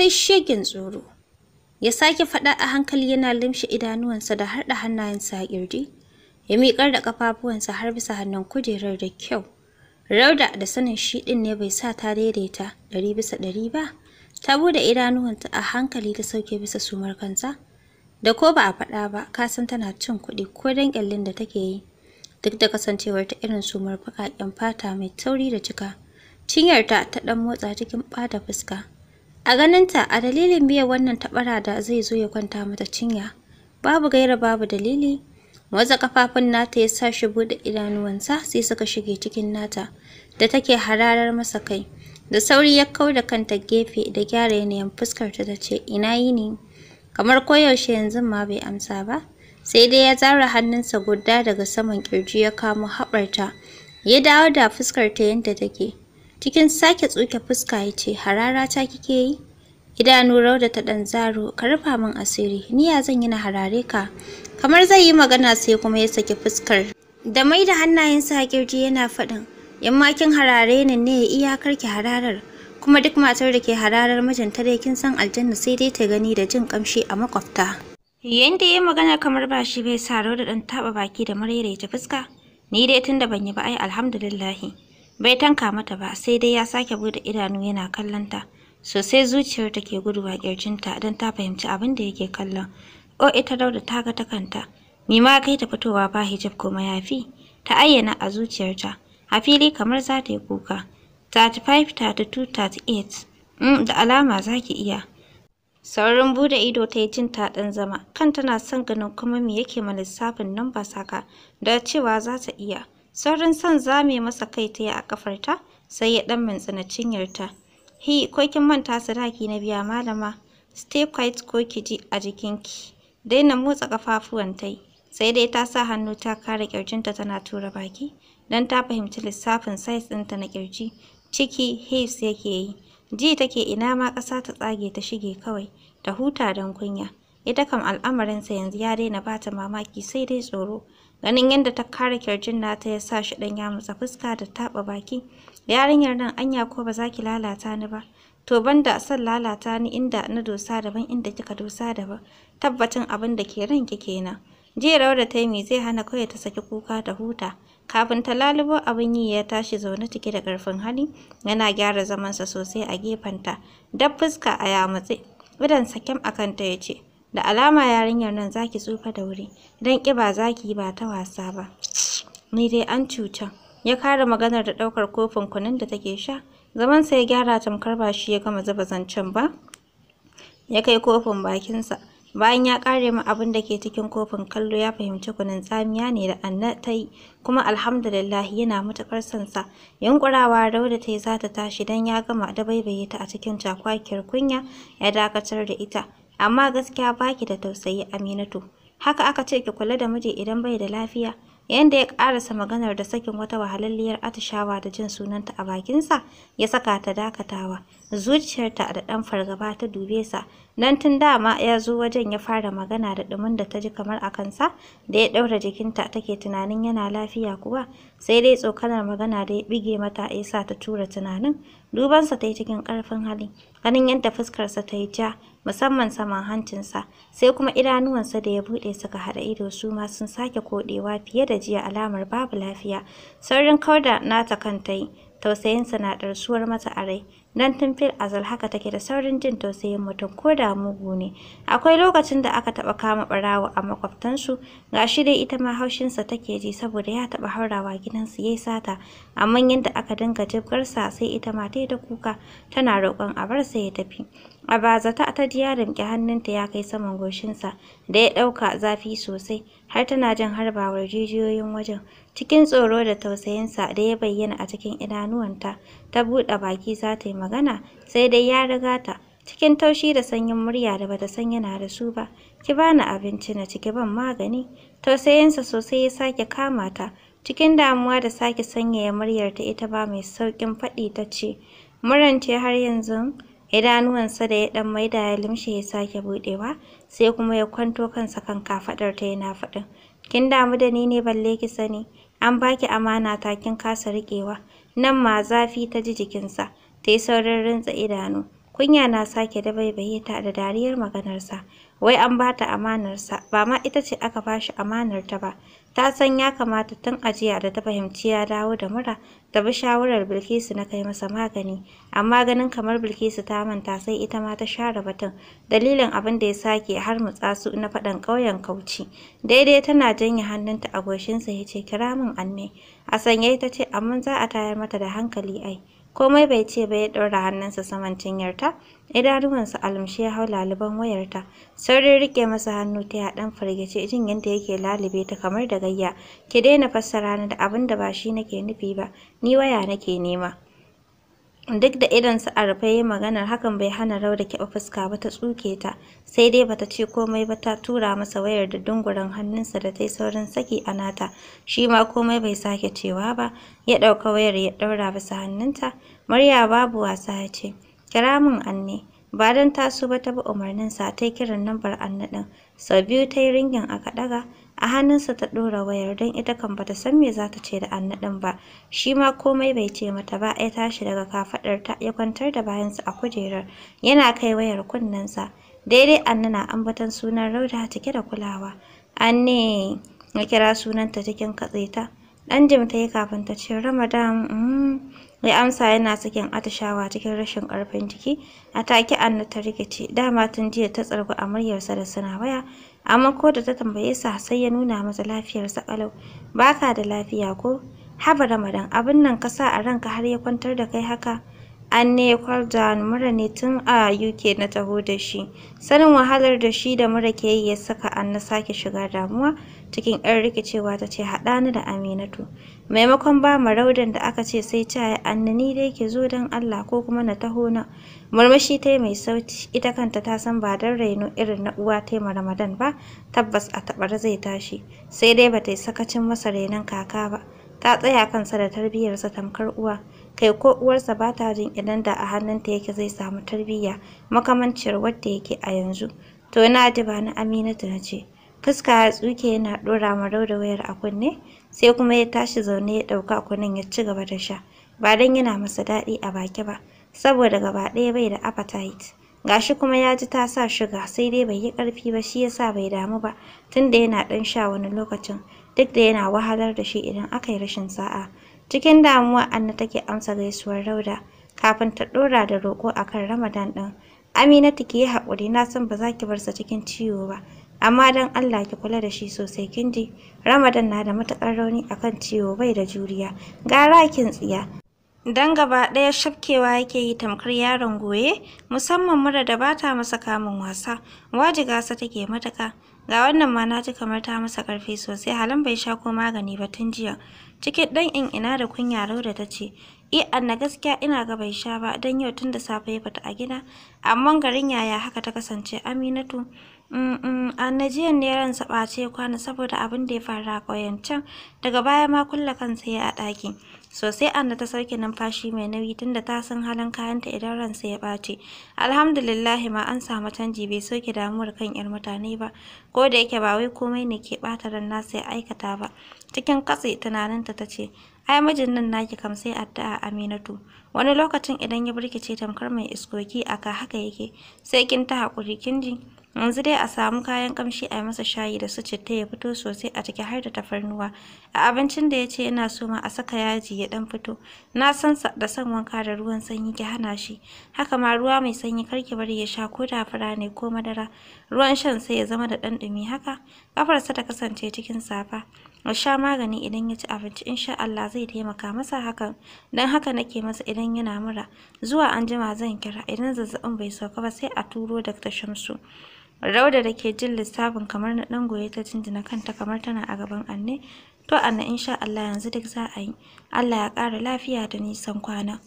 sai shegen tsoro. Ya sake faɗa a hankali yana limshe idanuwansa da harɗa hannayensa a ƙirji, ya miƙar da ƙafafuwansa har bisa hannun kujerar da kyau. Rauda da sanin shi ɗin ne bai sa ta daidaita ɗari bisa ɗari ba, ta buɗe idanuwanta a hankali ta sauke bisa sumar kanta. Da ko ba a faɗa ba, ka san tana cin kuɗi ko dan ƙyallin da take yi, duk da kasancewar ta irin sumar baƙaƙen fata mai tauri da cika. Cinyarta ta ɗan motsa cikin ɓata fuska. A ganinta, a dalilin biya wannan tabara da zai zo ya kwanta mata cinya, babu gaira babu dalili, watsa kafafun nata ya sa shi buɗe idanuwansa sai suka shige cikin nata, da take hararar masa kai. Da sauri ya kau da kanta gefe da gyara yanayin fuskar ta ce, Ina yini? Kamar koyaushe yanzu ma bai amsa ba, sai dai ya zara hannunsa guda daga saman kirji ya kamo haɓarta, ya dawo da fuskar ta yadda take. Cikin sake tsuke fuska ya ce, harara ta kike yi? Idanu rauda ta ɗan zaro, ka rufa min asiri, ni ya zan yi na harare ka. Kamar zai yi magana sai kuma ya saki fuskar. Da mai da hannayensa a kirji yana faɗin, yammakin harare ne ne iyakar ki hararar. kuma duk matar da ke hararar mijinta dai kin san aljanna sai dai ta gani da jin kamshi a makwabta. Yanda ya magana kamar ba shi bai sa da ɗan taɓa baki da maraidaita fuska, ni dai tun da ban yi ba ai alhamdulillahi. bai tanka mata ba sai dai ya sake bude idanu yana kallonta sosai zuciyar ta ke guduwa kirjinta don ta fahimci abin da yake kallon o ita dauda ta ga ta kanta mi ma kai ta fitowa ba hijab ko mayafi ta ayyana a zuciyarta a fili kamar za ta yi kuka 35 32 38 da alama za ki iya saurin bude ido ta yi jin taɗin zama kan tana son ganin kuma me yake ma lissafin nan ba saka da cewa za ta iya Saurin son zame masa kai ta yi a ƙafarta, sai ya ɗan mintsina cinyarta. Hi, ko kin manta sadaki na biya malama? Stay quiet ko ki ji a jikinki. Daina motsa kafafuwan ta Sai dai ta sa hannu ta kare ta tana tura baki, don ta fahimci lissafin size ɗinta na kirji Ciki hips yake yi. Ji take ina ma ƙasa ta tsage ta shige kawai, ta huta don kunya. Ita kam al'amarinsa yanzu ya daina ba ta mamaki sai dai tsoro. Ganin yadda ta kare kirjin nata ya sa shi ɗan ya mutsa fuska da taɓa baki. Yarinyar nan anya ko ba za ki lalata ni ba. To banda san lalata ni inda na dosa daban inda kika dosa daban. Tabbatin abin da ke ran ki kenan. Jerawar da ta yi zai hana kawai ta saki kuka da huta. Kafin ta lalubo abin yi ya tashi zaune cike da ƙarfin hali, yana gyara zamansa sosai a gefenta, dab fuska a yamutse. Idan sakyam a kanta ya ce, Da alama yarinyar nan zaki tsufa da wuri, idan ƙiba zaki yi ba ta wasa ba. Ni dai an cuta. Ya kare maganar da ɗaukar kofin kunun da take sha, zaman sa ya gyara tamkar ba shi ya gama zuba zancen ba. Ya kai kofin bakinsa, bayan ya kare ma abin da ke cikin kofin kallo ya fahimci kunun tsamiya ne da Anna ta yi, kuma alhamdulillah yana matuƙar son sa. Yunƙurawa rauda ta yi za ta tashi don ya gama da ta a cikin cakwakiyar kunya ya dakatar da ita. amma gaskiya baki da tausayi Aminatu. Haka aka ce ki kula da miji idan bai da lafiya. Yanda ya karasa maganar da sakin wata wahalalliyar atishawa da jin sunanta a bakinsa ya saka ta dakatawa. Zuciyarta da ɗan fargaba ta dube sa. Nan tun dama ya zo wajen ya fara magana da ɗumin da ta ji kamar a kansa da ya daura jikinta take tunanin yana lafiya kuwa sai dai tsokanar magana da ya bige mata ya sa ta tura tunanin. Dubansa ta yi cikin karfin hali. Ganin yadda fuskarsa ta yi ja musamman saman hancinsa sai kuma idanuwansa da ya buɗe suka haɗa ido su ma sun sake koɗewa fiye da jiya alamar babu lafiya saurin kauda nata kanta yi tausayinsa na ɗarsuwar mata a rai don tun fil azal haka take da saurin jin tausayin mutum ko da mugu ne akwai lokacin da aka taɓa kama ɓarawo a makwabtansu ga shi dai ita ma haushinsa take ji saboda ya taɓa haurawa gidansu yayi sata amma yadda aka dinga jibgarsa sai ita ma ta ta kuka tana roƙon a bar sa ya tafi A bazata ta ji ya hannunta ya kai saman goshinsa da ya ɗauka zafi sosai har tana jin harbawar jijiyoyin wajen. Cikin tsoro da tausayinsa da ya bayyana a cikin idanuwanta ta buɗe baki za ta yi magana sai dai ya riga ta. Cikin taushi da sanyin murya da bata san yana da su ba, ki bani abinci na ciki ban magani. Tausayinsa sosai ya sake kama ta. Cikin damuwa da sake sanyaya muryarta ita ba mai sauƙin faɗi ta ce, muran ce har yanzu? idanuwansa da ya dan maida ya limshe ya sake budewa sai kuma ya kwanto kansa kan kafadar ta yana faɗin kin damu da ni ne balle ki sani an baki amana ta kin kasa riƙewa nan ma zafi ta ji jikinsa ta yi saurin rintsa idanu kunya na sake dabaibaye ta da dariyar maganarsa wai an ba ta amanarsa ba ma ita ce aka ba shi amanarta ba ta san ya kamata tun ajiya da ta fahimci ya dawo da mura ta bi shawarar bilkisu na kai masa magani amma ganin kamar bilkisu ta manta sai ita ma ta share batun dalilin abin da ya sake har mutsa su na faɗan ƙauyen kauci daidai tana janye hannunta a goshinsa ya ce kira min anne A sanye ta ce amma za a tayar mata da hankali ai. Komai bai ce ba ya ɗora hannunsa saman cinyarta, idanuwansa alumshi ya hau laliban wayarta. Saurin rike masa hannu ta ya ɗan firgice jin yadda yake lalube ta kamar da gayya. Ki daina fassara ni da abin da ba shi nake nufi ba, ni waya nake nema. Duk da idonsa a rufe ya maganar hakan bai hana Rauda kiɓa fuska ba ta tsuke ta, sai dai bata ce komai ba ta tura masa wayar da dunguren hannunsa da ta yi saurin saki a nata, shi ma komai bai sake cewa ba, ya ɗauka wayar ya ɗaura bisa hannunta, murya babu wasa ya ce, kira min anne, ba don taso ba ta bi umarninsa ta yi kiran lambar anne ɗin, sau biyu ta yi ringin aka ɗaga, a hannunsa ta ɗora wayar don ita kan bata san me za ta ce da annaɗin ba shi ma komai bai ce mata ba ya tashi daga kafaɗarta ya kwantar da bayansa a kujerar yana kai wayar kunnensa daidai annana na sunan rauda cike da kulawa anne ya kira sunanta cikin katseta ɗan jim ta yi kafin ta ce ramadan mm. ya amsa yana sakin atishawa cikin rashin ƙarfin jiki a take anna ta rikice dama tun jiya ta tsargu amaryarsa da suna waya amma ko da ta tambaye sa sai ya nuna masa lafiyar sa kalau baka da lafiya ko haba ramadan abin nan ka sa a ranka har ya kwantar da kai haka Anne Kwardan mura ne tun a UK na taho da shi. Sanin wahalar da shi da mura ke yi ya saka an na sake shiga damuwa cikin 'yan rikicewa ta ce haɗa ni da Aminatu. Maimakon ba mu raudan da aka ce sai ta yi anna ni dai ke zo don Allah ko kuma na taho na. Murmushi ta mai sauti ita kanta ta san ba don raino irin na uwa ta ma Ramadan ba tabbas a tabar zai tashi sai dai ba ta yi sakacin masa rainon kaka ba. Ta tsaya kansa da tarbiyyarsa tamkar uwa. kai ko uwarsa ba ta jin idan da a hannunta yake zai samu tarbiyya makamanciyar wadda yake a yanzu to na ba na aminatu na ce fuska ya tsuke yana ɗora ma rauda wayar a kunne sai kuma ya tashi zaune ya ɗauka kunnen ya ci gaba da sha ba don yana masa daɗi a baki ba saboda gaba ɗaya bai da appetite gashi kuma ya ji ta sa shuga sai dai bai yi ƙarfi ba shi yasa bai damu ba tunda yana ɗan sha wani lokacin duk da yana wahalar da shi idan aka yi rashin sa'a Cikin damuwa Anna take amsa gaisuwar Rauda kafin ta ɗora da roƙo akan Ramadan ɗin. Aminatu ki yi haƙuri na san ba za ki bar cikin ciwo ba amma dan Allah ki kula da shi sosai kinji Ramadan na da matuƙar rauni akan ciwo bai da juriya gara kin tsiya dan gaba ɗaya shafkewa yake yi tamkar yaron goye musamman mura da bata masa kamun wasa wajiga sa take matuƙa Ga wannan ma na ji kamar ta masa ƙarfi sosai halin bai sha ko magani ba tun jiya. Cikin ɗan in ina da kunya Rauda ta ce, I eh, Anna gaskiya ina ga bai sha ba don yau tun da safe ya fita a gida, amma garin yaya haka ta kasance Aminatu. Annajiyan ne ransa sabace ya kwana saboda abin da ya faru a ƙauyen can, daga baya ma kulle kansa ya a ɗaki. Sosai Anna ta sauke numfashi mai nauyi tunda ta san halin kayanta idan ransa ya ɓace. Alhamdulillahi ma an samu canji bai soke damuwar kan 'yar mutane ba, ko da yake ba wai komai ne ke bata ran na ya aikata ba. Cikin katse tunaninta ta ce, ai mijin nan naki kam sai addu'a Aminatu. Wani lokacin idan ya birkice tamkar mai iskoki aka haka yake, sai kin ta hakuri kin ji. yanzu dai a samu kayan kamshi a yi masa shayi da su citta ya fito sosai a ciki har da tafarnuwa a abincin da ya ce yana so ma a saka yaji ya dan fito na san da san wanka da ruwan sanyi ki hana shi haka ma ruwa mai sanyi kar ki bari ya sha ko da fara ne ko madara ruwan shan sai ya zama da dan dumi haka kafarsa ta kasance cikin safa a sha magani idan ya ci abinci insha Allah zai taimaka masa hakan dan haka nake masa idan yana mura zuwa anjima zan kira idan zazzabin bai sauka ba sai a turo Dr. Shamsu Rauda da ke jin lissafin kamar na ɗan goye ta jinjina kanta kamar tana a gaban Anne. To anna insha Allah yanzu duk za a yi. Allah ya ƙara lafiya da nisan kwana.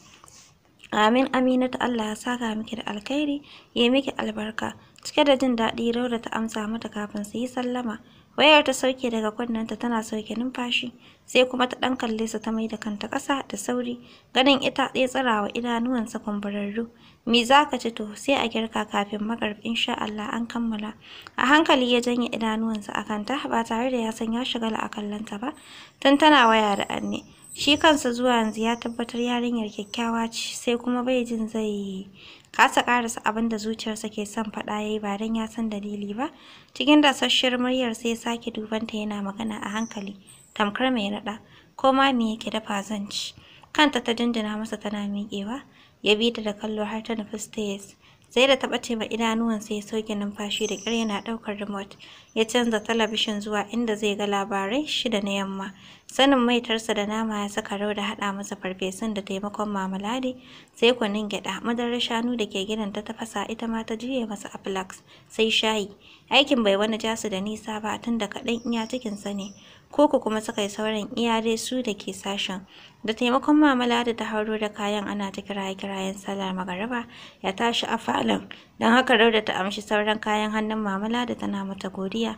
Amin amina ta Allah ya saka miki da alkhairi, ya miki albarka. Cike da jin daɗi Rauda ta amsa mata kafin su yi sallama. wayar ta sauke daga kunnenta tana sauke numfashi sai kuma ta ɗan kalle sa ta maida kanta ƙasa da sauri ganin ita tsaye tsirawa idanuwansa kumburarru me za ka ci to sai a girka kafin magarib insha Allah an kammala a hankali ya janye idanuwansa a kanta ba tare da ya san ya shigala a kallonta ba tun tana waya da anne shi kansa zuwa yanzu ya tabbatar yarinyar kyakkyawa ce sai kuma bai jin zai kasa karasa abin da zuciyarsa ke son faɗa yayi ba dan ya san dalili ba cikin dasasshiyar muryar sai sake dubanta yana magana a hankali tamkar mai naɗa ko ma me yake dafa zan ci kanta ta dindina masa tana miƙewa ya bi ta da kallo har ta nufi stairs sai da ta ɓace ma idanuwan sai ya sauke numfashi da ƙyar yana ɗaukar remote ya canza talabishin zuwa inda zai ga labarai shida na yamma sanin maitarsa da nama ya saka rau da haɗa masa farfesun da taimakon mamaladi sai kunun gyaɗa madarar shanu da ke gidan ta tafasa ita ma ta juye masa aflax sai shayi aikin bai wani jasu da nisa ba tun da kaɗan iya cikinsa ne Ko ku kuma suka yi sauran iyare su da ke sashen da taimakon mamala da ta hauro da kayan ana ta kiraye kirayen sallar magaraba ya tashi a falon don haka rauda ta amshi sauran kayan hannun mamala da tana mata godiya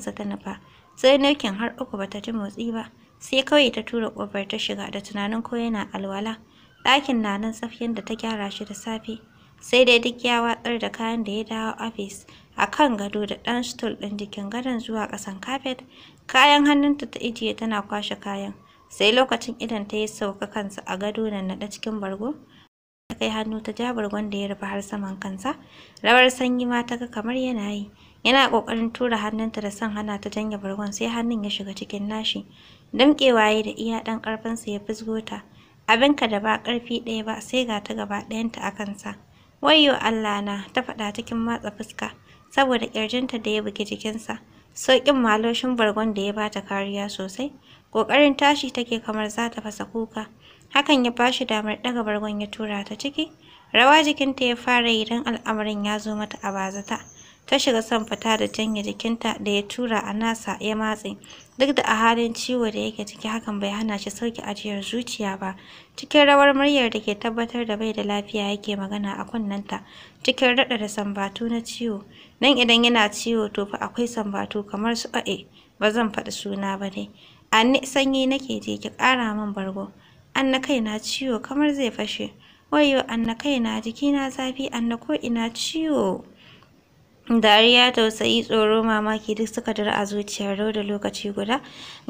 sa ta nufa sai naukin har uku bata ji motsi ba sai kawai ta tura kofar ta shiga da tunanin ko yana alwala ɗakin na nan tsaf da ta gyara shi da safe sai dai duk ya watsar da kayan da ya dawo ofis a kan gado da ɗan stool ɗin jikin gadon zuwa ƙasan kafet. Kayan hannunta ta ijiye tana kwashe kayan. Sai lokacin idan ta yi sauka kansa a gado na naɗe cikin bargo. Ta kai hannu ta ja bargon da ya rufe har saman kansa. Rawar sanyi ma ta ga kamar yana yi. Yana ƙoƙarin tura hannunta da son hana ta janye bargon sai hannun ya shiga cikin nashi. Damƙewa ya da iya ɗan ƙarfinsa ya fizgo ta. Abinka da ba ƙarfi ɗaya ba sai ga ta gaba ɗayanta a kansa. Wayyo Allah na ta faɗa cikin matsa fuska. saboda ƙirjinta da ya bugi jikinsa. Sauƙin maloshin bargon da ya bata kariya sosai, ƙoƙarin tashi take kamar za ta fasa kuka. Hakan ya ba shi damar ɗaga bargon ya tura ta ciki. Rawa jikinta ya fara yi don al'amarin ya zo mata a bazata. Ta shiga son fita da janye jikinta da ya tura a nasa ya matse. duk da a halin ciwo da yake ciki hakan bai hana shi sauke ajiyar zuciya ba cikin rawar muryar da ke tabbatar da bai da lafiya yake magana a kunnenta cikin raɗa da sambatu na ciwo nan idan yana ciwo to fa akwai sambatu kamar su a'e ba zan faɗi suna ba ne anni sanyi nake je ki ƙara min bargo an na kaina ciwo kamar zai fashe wayyo an na kaina jikina zafi an na ko ina ciwo Dariya, tausayi, tsoro, mamaki duk suka dara a zuciyar da lokaci guda.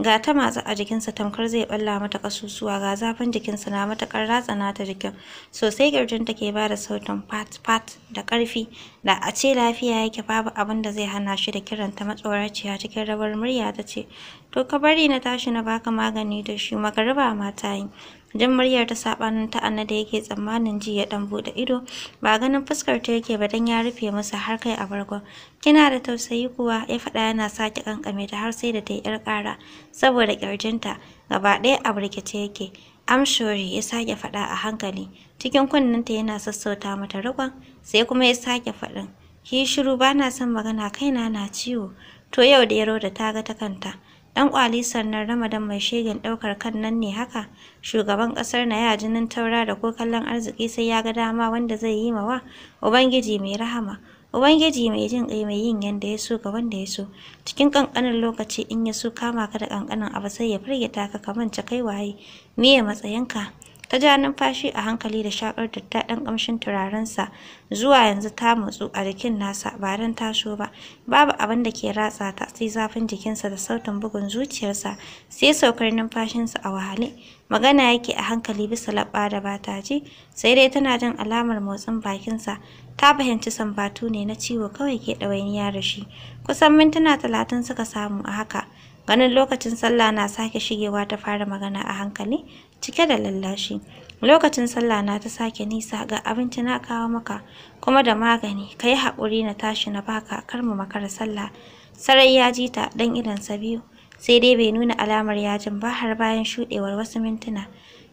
Ga ta matsa a jikinsa tamkar zai balla mata kasusuwa ga zafin jikinsa na matakar ratsa nata jikin. Sosai girjin take ba da sautin pat pat da ƙarfi. Da a ce lafiya yake babu abin da zai hana shi da kiranta matsoraciya cikin rabar murya ta ce, to ka bari na tashi na baka magani da shi magariba ma ta yi jin muryar ta sabanin ta anna da yake tsammanin ji ya dan bude ido ba ganin fuskar ta yake ba dan ya rufe masa har kai a bargo kina da tausayi kuwa ya faɗa yana sake kankame ta har sai da ta yi yar ƙara saboda kirjinta gaba ɗaya a burkice yake amshori ya sake faɗa a hankali cikin kunnenta yana sassauta mata riƙon sai kuma ya sake faɗin ki shiru bana son magana kaina na ciwo to yau da yaro da ta ga ta kanta ɗan kwalisar nan Ramadan mai shegin ɗaukar kan nan ne haka, shugaban ƙasar na ya jinin taura da ko kallon arziki sai ya ga dama wanda zai yi mawa, Ubangiji mai rahama. Ubangiji mai jin ƙai mai yin yanda ya so ga wanda ya so, cikin ƙanƙanin lokaci in ya so kama ka da ƙanƙanin abu sai ya firgita ka ka manta kai waye, miye matsayinka. Ta ja numfashi a hankali da shakar daddaɗan ƙamshin turarensa zuwa yanzu ta motsu a jikin nasa ba don taso ba. Babu abin da ke ratsa ta sai zafin jikinsa da sautin bugun zuciyarsa sai saukar numfashinsa a wahale. Magana yake a hankali bisa laɓa da ba ta ji sai dai tana jin alamar motsin bakinsa ta fahimci sambatu ne na ciwo kawai ke ɗawainiya da shi. Kusan mintuna talatin suka samu a haka. ganin lokacin sallah na sake shigewa ta fara magana a hankali cike da lallashi lokacin sallah na ta sake nisa ga abinci na kawo maka kuma da magani ka yi haƙuri na tashi na baka kar mu makara sallah sarai ya ji ta dan sa biyu sai dai bai nuna alamar yajin ba har bayan shuɗewar wasu mintuna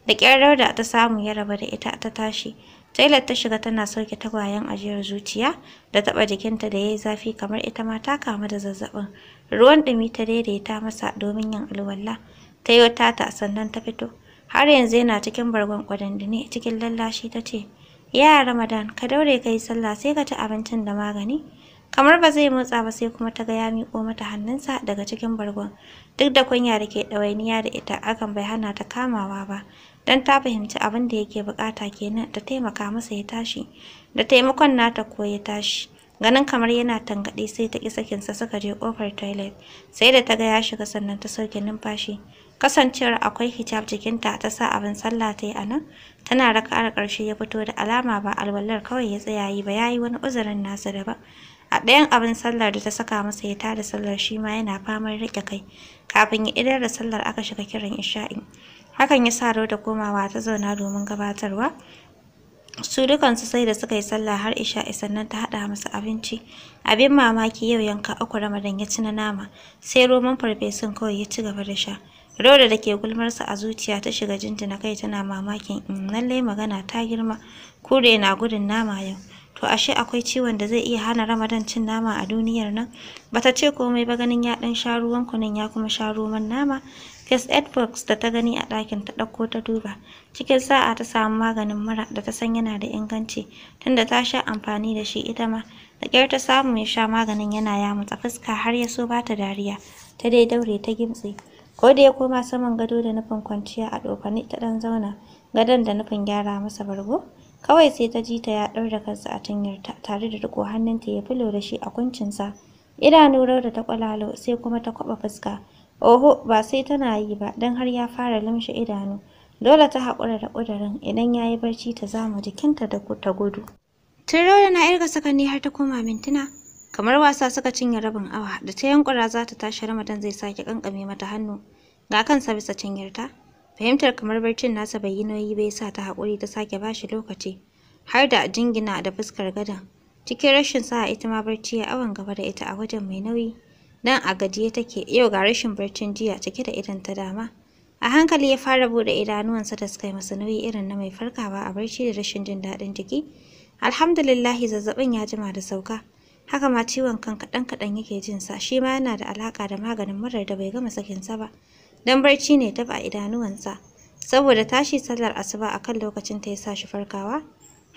da ƙyar da ta samu ya raba da ita ta tashi Taylor ta shiga tana sauke tagwayen ajiyar zuciya da taɓa jikinta da ya yi zafi kamar ita ma ta kamu da zazzabin. Ruwan ɗumi ta daidaita masa domin yin alwala. Ta yi wata ta sannan ta fito. Har yanzu yana cikin bargon kwadandine cikin lallashi ta ce, Ya Ramadan, ka daure ka yi sallah sai ka ci abincin da magani. Kamar ba zai motsa ba sai kuma ta ga ya miƙo mata hannunsa daga cikin bargon. Duk da kunya da ke ɗawainiya da ita, hakan bai hana ta kamawa ba. don ta fahimci abin da yake bukata kenan ta taimaka masa ya tashi da taimakon nata ko ya tashi ganin kamar yana tangaɗe sai ta ki sakinsa suka je kofar toilet sai da ta ga ya shiga sannan ta sauke numfashi kasancewar akwai hijab jikinta ta sa abin sallah ta yi a nan tana raka'ar ƙarshe ya fito da alama ba alwalar kawai ya tsaya yi ba ya yi wani uzurin nasa ba. a ɗayan abin sallar da ta saka masa ya tada sallar shi ma yana famar riƙe kai kafin ya idar da sallar aka shiga kiran isha'i hakan ya sa da komawa ta zauna domin gabatarwa su dukansu sai da suka yi sallah har isha'i sannan ta haɗa musu abinci abin mamaki yau yanka uku ramadan ya ci na nama sai roman farfesun kawai ya ci gaba da sha Rauda da ke gulmarsa a zuciya ta shiga jinjina kai tana mamakin in mm, lallai magana ta girma kure na gudun nama yau to ashe akwai ciwon da zai iya hana ramadan cin nama a duniyar nan bata ce komai ba ganin ya dan sha ruwan kunun ya kuma sha roman nama Kes Edwards da ta gani a ɗakin ta ɗauko ta duba. Cikin sa'a ta samu maganin mura da ta san yana da inganci, tunda ta sha amfani da shi ita ma. Da ƙyar ta samu ya sha maganin yana yamutsa fuska har ya so ba ta dariya. Ta dai daure ta gimtse. Ko da ya koma saman gado da nufin kwanciya a ɗofani ta ɗan zauna, gadon da nufin gyara masa bargo. Kawai sai ta ji ta ya da kansa a ta tare da riƙo hannunta ya filo da shi a kuncinsa. Idanu da ta ƙwalalo sai kuma ta kwaɓa fuska. Oho, ba sai tana yi ba, don har ya fara limshe idanu. Dole ta haƙura da ƙudurin, idan ya yi barci ta zama jikinta da ta gudu. Tun da na irga sakanni har ta koma mintuna, kamar wasa suka cinye rabin awa, da ta yankura za ta tashi Ramadan zai sake kankame mata hannu. Ga kansa bisa cinyarta, fahimtar kamar barcin nasa bai yi nauyi bai sa ta haƙuri ta sake bashi lokaci, har da jingina da fuskar gadon. Cikin rashin sa'a ita ma barci ya awon gaba da ita a wajen mai nauyi. Nan a gajiye take, yau ga rashin barcin jiya cike da idan ta dama. A hankali ya fara buɗe idanuwansa da suka yi masa nauyi irin na mai farkawa a barci da rashin jin daɗin jiki. Alhamdulillahi zazzabin ya jima da sauka. Haka ma ciwon kan kaɗan-kaɗan yake jin sa, shi ma yana da alaƙa da maganin murar da bai gama sakin sa ba. Don barci ne dab a idanuwansa. Saboda tashi sallar asuba akan lokacin ta ya sa shi farkawa.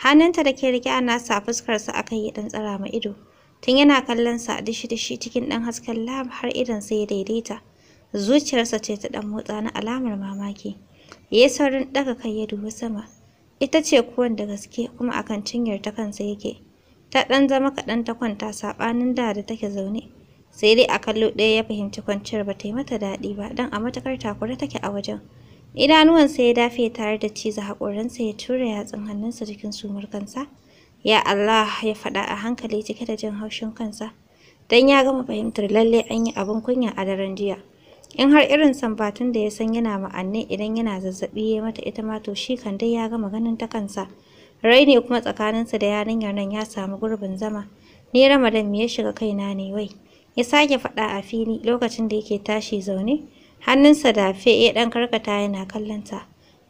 Hannunta da ke rike a nasa fuskarsa akan yi ɗan tsara ma ido. tun yana kallon sa a dishi-dishi cikin ɗan hasken lab har idan sai ya daidaita zuciyarsa ce ta ɗan motsa na alamar mamaki ya saurin ɗaga kai ya dubi sama ita ce kuwan da gaske kuma akan cinyar ta kansa yake ta ɗan zama kaɗan ta kwanta saɓanin da da take zaune sai dai a kallo ɗaya ya fahimci kwanciyar ba ta yi mata daɗi ba don a matakar takura take a wajen idanuwansa ya dafe tare da ciza haƙoransa ya tura yatsun hannunsa jikin sumar kansa Ya Allah ya faɗa a hankali cike da jin haushin kansa. Dan ya gama fahimtar lalle an yi abin kunya a daren jiya. In har irin sambatun da ya san yana ma'anne idan yana zazzaɓi ya mata ita ma to shi kan dai ya gama ganin ta kansa. Rai ne kuma tsakaninsa da yarinyar nan ya samu gurbin zama. Ni Ramadan me ya shiga kaina ne wai. Ya sake faɗa a fili lokacin da yake tashi zaune. Hannunsa da fe ya ɗan karkata yana kallonta.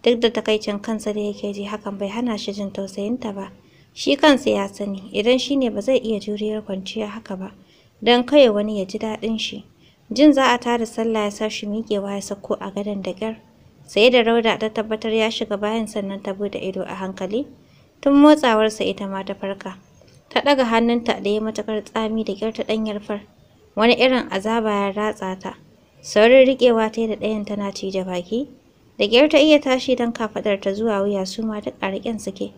Duk da takaicin kansa da yake ji hakan bai hana shi jin tausayinta ba. Shi kansa ya sani, idan shi ne ba zai iya juriyar kwanciya haka ba, don kai wani ya ji daɗin shi. Jin za a tada sallah ya sa shi miƙewa ya sako a gadon da ƙyar. Sai da Rauda ta tabbatar ya shiga bayan sannan ta buɗe ido a hankali. Tun motsawarsa ita ma ta farka. Ta ɗaga hannunta da ya matuƙar tsami da ƙyar ta ɗanyar far. Wani irin azaba ya ratsa ta. Saurin riƙewa ta da ɗayan tana cije baki. Da ƙyar ta iya tashi don kafaɗar ta zuwa wuya su ma duk a riƙen suke.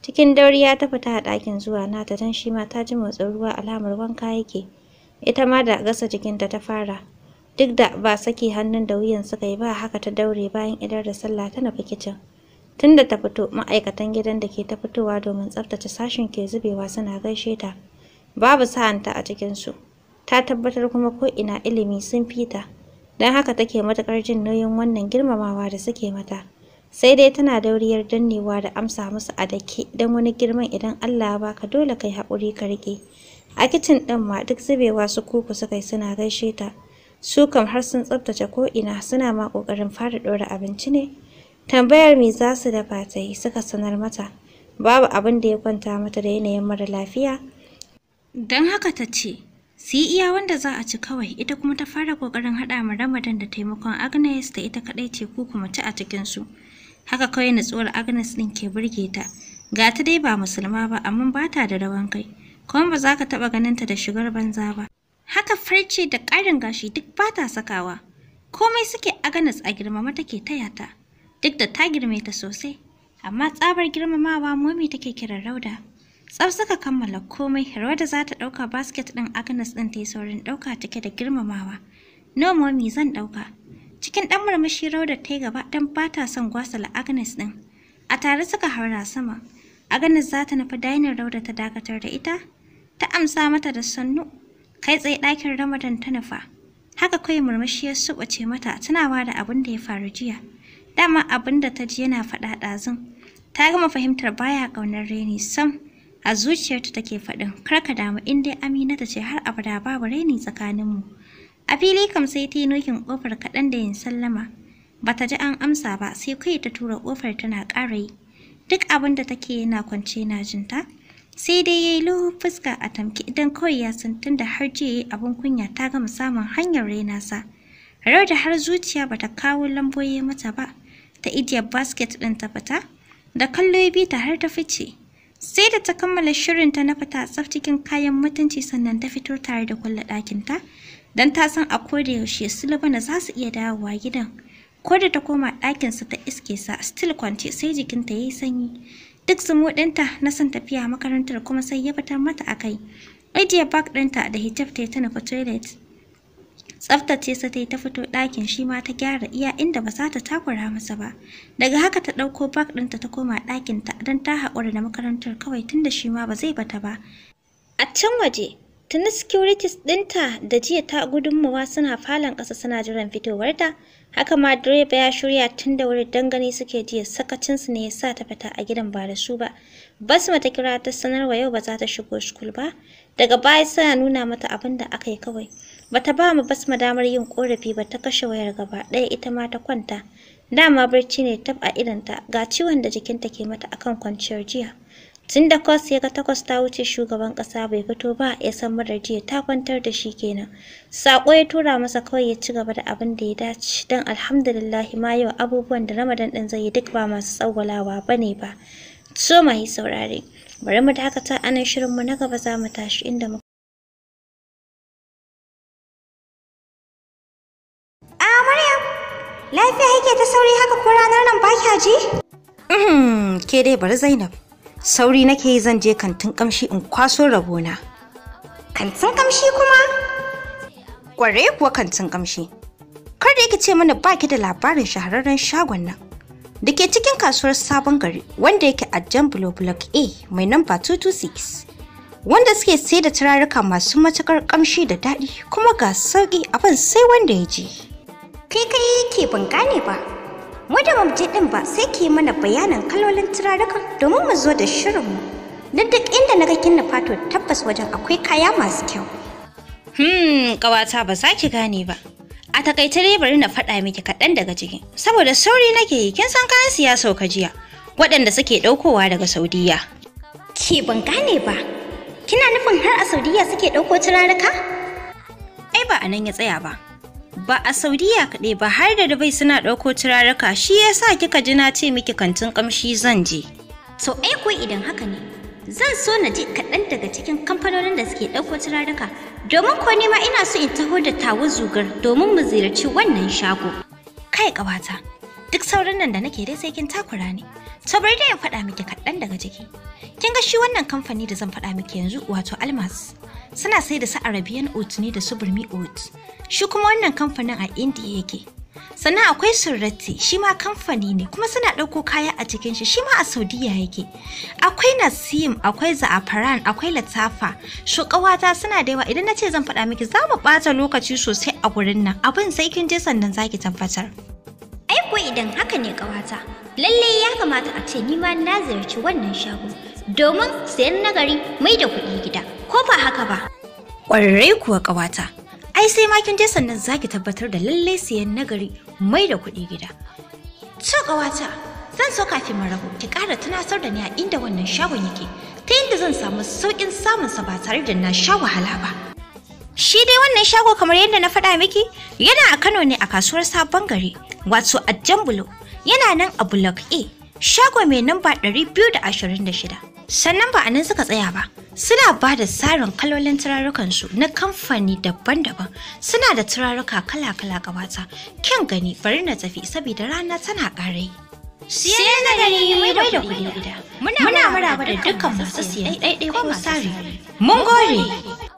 Cikin dauri ya fita a ɗakin zuwa nata don shi ma ta ji motsin ruwa alamar wanka yake. Ita ma da gasa jikinta ta fara. Duk da ba saki hannun da wuyan suka yi ba haka ta daure bayan idar da sallah ta nufi kicin. Tun ta fito ma'aikatan gidan da ke ta fitowa domin tsaftace sashen ke zubewa suna gaishe ta. Babu sa'anta a cikinsu. Ta tabbatar kuma ko ina ilimi sun fita. Don haka take matuƙar jin nauyin wannan girmamawa da suke mata. sai dai tana dauriyar dannewa da amsa musu a dake don wani girman idan Allah ya baka dole kai haƙuri ka rike a kicin ɗin ma duk zubewa su kuku suka yi suna gaishe ta su kam har sun tsabtace ina suna ma kokarin fara ɗora abinci ne tambayar me za su dafa ta yi suka sanar mata babu abin da ya kwanta mata da yanayin mara lafiya don haka ta ce su iya wanda za a ci kawai ita kuma ta fara ƙoƙarin haɗa ma ramadan da taimakon agnes da ita kaɗai ce ku kuma ci a cikinsu haka kawai natsuwar Agnes ɗin ke burge ta. Ga ta dai ba musulma ba, amma ba ta da rawan kai, kuma ba za ka taɓa ganin ta da shigar banza ba. Haka farce da ƙarin gashi duk ba ta sakawa, komai suke Agnes a girmama take taya ta, duk da ta girme ta sosai, amma tsabar girmamawa momi take kiran rauda. Tsaf suka kammala komai, rauda za ta ɗauka basket ɗin Agnes ɗin ta yi saurin ɗauka take da girmamawa. No momi zan ɗauka. Cikin ɗan murmushi Rauda ta yi gaba don ba ta son gwasala Agnes ɗin. A tare suka haura sama. Agnes za ta nufi dainin Rauda ta dakatar da ita. Ta amsa mata da sannu. Kai tsaye ɗakin Ramadan ta nufa. Haka kawai murmushi ya suɓace mata tunawa da abin da ya faru jiya. Dama abin da ta ji yana faɗa ɗazun. Ta gama fahimtar baya ƙaunar Reni sam. A zuciyarta take faɗin, kar ka damu in dai Aminata ce har abada babu Reni tsakaninmu. A fili kam sai ta yi nukin ƙofar kaɗan da yin sallama. Ba ta ji an amsa ba sai kai ta tura ƙofar tana ƙara yi. Duk abin da take yana kwance na jinta. Sai dai ya yi luhu fuska a tamki idan kawai ya san tun da har jiya ya abun kunya ta gama samun hanyar raina sa. Rau da har zuciya ba ta kawo lamboye mata ba. Ta idiya basket ɗin ta fita. Da kallo bi ta har ta fice. Sai da ta kammala shirin ta na fita tsaf cikin kayan mutunci sannan ta fito tare da kulle ɗakinta. ta. don ta san a koda yaushe su za su iya dawowa gidan ko da ta koma ɗakinsa ta iske sa still kwance sai jikinta ya yi sanyi duk zumo ɗinta na san tafiya makarantar kuma sai ya fitar mata a kai ajiye bag ɗinta da hijab ta ta nufa toilet tsaftace sa ta fito ɗakin shi ma ta gyara iya inda ba za ta takura masa ba daga haka ta ɗauko bag ɗinta ta koma ɗakinta don ta haƙura da makarantar kawai tunda shi ma ba zai bata ba a can waje tunis securities ɗinta da jiya ta gudunmawa suna falon ƙasa suna jiran fitowarta. Haka ma direba ya shirya tun da wuri don suke jiya sakacinsu ne ya sa ta fita a gidan ba da su ba. Basma ta kira ta sanarwa yau ba za ta shigo shukul ba. Daga baya suna nuna mata abin da aka yi kawai. Bata ba mu Basma damar yin korafi ba ta kashe wayar gaba ɗaya ita ma ta kwanta. Dama barci ne tab a idanta ga ciwon da jikinta ke mata akan kwanciyar jiya. Tun da kwas ya ga takwas ta wuce shugaban ƙasa bai fito ba ya san mara jiya ta kwantar da shi kenan. Saƙo ya tura masa kawai ya ci gaba da abin da ya dace don alhamdulillahi ma yau abubuwan da Ramadan ɗin zai yi duk ba masu tsawwalawa ba ne ba. So mai saurare, bari mu dakata anan shirinmu na gaba za mu tashi inda mu lafiya yake ta sauri haka ko ranar nan ba kya ji? Uhm, ke dai bari Zainab. Sauri nake yi zan je kantin kamshi in kwaso rabona. Kantin kamshi kuma? Kware kuwa kantin kamshi. Kar da yake ce mana baki da labarin shahararren shagon nan. Da ke cikin kasuwar sabon gari wanda yake a Jan Block A mai namba 226. Wanda suke sai da turaruka masu matukar kamshi da daɗi kuma ga sauƙi abin sai wanda ya je. Kai kai ke ban gane ba. Wadda ba ɗin ba sai ki mana bayanan kalolin turarukan domin mu zo da shirinmu. Duk duk inda na ga kinna fato tabbas wajen akwai kaya masu kyau. Hmm, ƙawata ba za ki gane ba. A takaice dai bari na faɗa miki kaɗan daga ciki. Saboda sauri nake yi, kin san kayan siya sauka jiya, waɗanda suke ɗaukowa daga Saudiya. Ke ban gane ba. Kina nufin har a Saudiya suke ɗauko turaruka? Ai ba a nan ya tsaya ba. ba a Saudiya kaɗai ba har da Dubai suna ɗauko turaruka shi ya sa kika ji na ce miki kantin ƙamshi zan je. To ai ko idan haka ne zan so na je kaɗan daga cikin kamfanonin da suke ɗauko turaruka domin ko ma ina so in taho da tawo zugar domin mu ziyarci wannan shago. Kai ƙawata duk sauran nan da nake dai sai kin takura ne. To bari da in faɗa miki kaɗan daga ciki. Kin ga shi wannan kamfani da zan faɗa miki yanzu wato Almas. suna sai da su arabian oats ne da su burmi shi kuma wannan kamfanin a indiya yake sannan akwai surratti shi ma kamfani ne kuma suna ɗauko kaya a cikin shi shi ma a saudiya yake akwai nasim akwai za'afaran akwai latafa shukawata suna da yawa idan na ce zan faɗa miki za mu ɓata lokaci sosai a gurin nan abin sai kin je sannan zaki tabbatar ai ko idan haka ne kawata lalle ya kamata a ce ni ma na ziyarci wannan shago domin sayan nagari mai da kuɗi gida ko ba haka ba? Ƙwararrai kuwa ƙawata, ai sai makin je sannan za ki tabbatar da lallai siyan nagari mai da kuɗi gida. To ƙawata, zan so kafin mu rabu ki ƙara tunasar da ni a inda wannan shagon yake, ta yadda zan samu sauƙin samunsa ba tare da na sha wahala ba. Shi dai wannan shago kamar yadda na faɗa miki yana a Kano ne a kasuwar Sabon Gari, wato a Jambulo, yana nan a Block A, shago mai namba ɗari biyu da da ashirin shida. Sannan ba a nan suka tsaya ba, suna ba da tsarin kalolin turarukansu na kamfani daban-daban suna da turaruka kala-kala gabata. Kyan gani bari na tafi saboda rana tana ƙarai. Siyan da gani mai bai da kuɗi gida. Muna ba da dukkan masu siyan ɗaiɗai ko Mun gode.